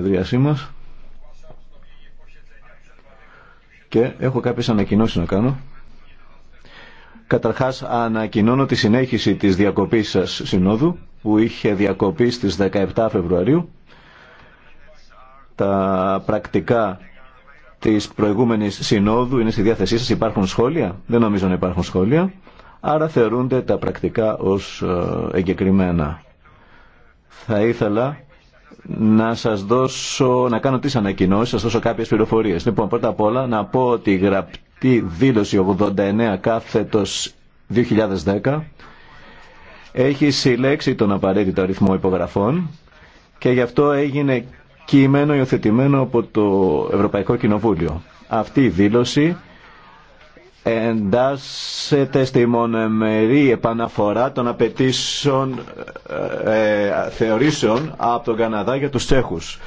εδρίασή μας και έχω κάποιες ανακοινώσεις να κάνω. Καταρχάς ανακοινώνω τη συνέχιση της διακοπής σας συνόδου που είχε διακοπή στις 17 Φεβρουαρίου. Τα πρακτικά της προηγούμενης συνόδου είναι στη διάθεσή σας. Υπάρχουν σχόλια. Δεν νομίζω να υπάρχουν σχόλια. Άρα θεωρούνται τα πρακτικά ως ε, εγκεκριμένα. Θα ήθελα να σας δώσω, να κάνω τις ανακοινώσεις, σας δώσω κάποιες πληροφορίες. Λοιπόν, πρώτα απ' όλα να πω ότι η γραπτή δήλωση 89 κάθετο 2010 έχει συλλέξει τον απαραίτητο αριθμό υπογραφών και γι' αυτό έγινε κείμενο υιοθετημένο από το Ευρωπαϊκό Κοινοβούλιο. Αυτή η δήλωση εντάσσεται στη μονομερή επαναφορά των απαιτήσεων ε, θεωρήσεων από τον Καναδά για τους Τσέχους.